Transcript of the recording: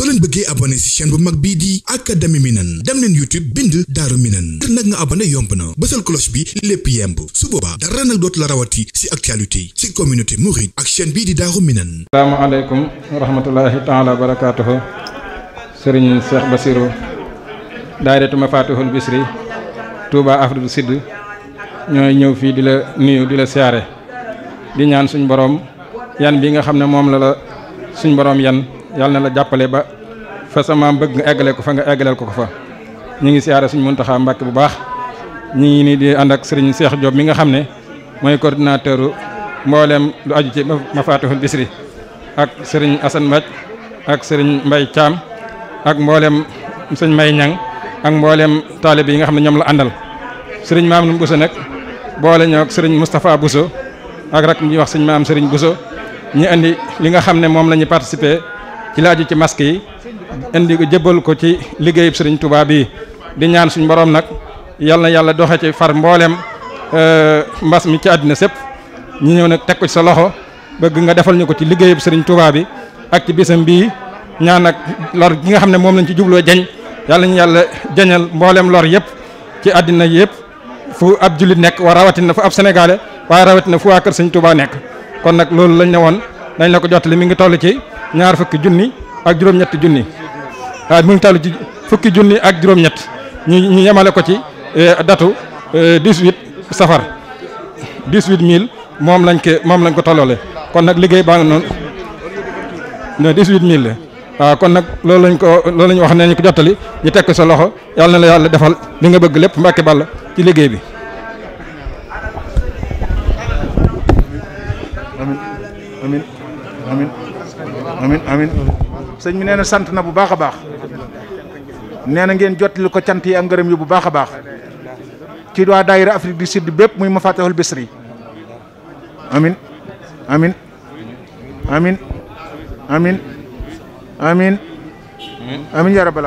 soo leen bëggee abonné ci chaîne bu mag bii di académie Minane dem leen YouTube bind Daaru Minane ngir nag nga abonné yomb na bësal cloche bi lépp yemb su boobaa dara nag dootu la rawati ci actualité ci communauté mouride ak chaîne bii di Daaru Minane salaamaaleykum wa rahmatullahi taala wa barakaatuhu sëriñ Cheikh Basirou daayiratu Mafatihul Bisri Touba Afrique du Sud ñooy ñëw fii di la nuyu di la siyaare di ñaan suñ boroom yan bi nga xam ne moom la la suñ boroom yan yàlla na la jàppale ba fa sama bëgg nga eggale ko fa nga eggaleel ko ko fa ñu ngi siyaare suñu Muntaxa Mbàkke bu baax ñu ngi nii di ànd ak sëriñ seex Diop mi nga xam ne mooy coordinateur mbooleem lu aju ci Mafatihul Bichri ak sëriñ Assane Mbaj ak sëriñ Mbay caam ak mbooleem sëñ Mbay Ñang ak mboolem taalibe yi nga xam ne ñoom la àndal sëriñ Maam Bousso nag boole ñoo ak sëriñ Moustapha Bousso ak rak ñuy wax sëñ Maam sëriñ Bousso ñi indi li nga xam ne moom la ñu participé ci laaju ci masque yi indi ko jëbal ko ci liggéeyub sëriñ tubaab bi di ñaan suñ boroom nag yal na yàlla doxe ci far mbooleem euh, mbas mi ci àddina sépp ñu ñëw nag teg ko ci sa loxo bëgg nga defal ñu ko ci bi sëriñ Touba bi ak ci bisam bii ñaan nag lor gi nga xam ne moom lañ ci jubloo jañ yàlla ñu yàlla jañal mbooleem lor yëpp ci àddina yëpp fu ab jullit nekk waa rawatina fu ab sénégalais waaye rawatina fu waa kër sëñ Touba nekk kon nag loolu lañ ne woon dañ ko jottali mi ngi toll ci ñaar fukki junni ak juróom-ñetti junni waaw mu ngi ci fukki junni ak juróom-ñett ñu ñu yemale ko ci eh, datu 18 eh, safar 18000 moom lañ ko moom lañ ko tolloole kon nag liggéey baa nga noonu non mil la waaw kon nag loolu lañ ko lool lañ wax ne ñu ko jottali ñu teg ko sa loxo yàlla na la yàlla defal li nga bëgg lépp mbàkke balla ci liggéey bi amin amin sëñ bi nee na sant na bu baax a baax nee na ngeen jottali ko cant yi ak ngërëm yi bu baax a baax ci waa daayira Afrique du Sud bépp muy Mafatihul Bichri amin amin amin amin amin amin ya rabbal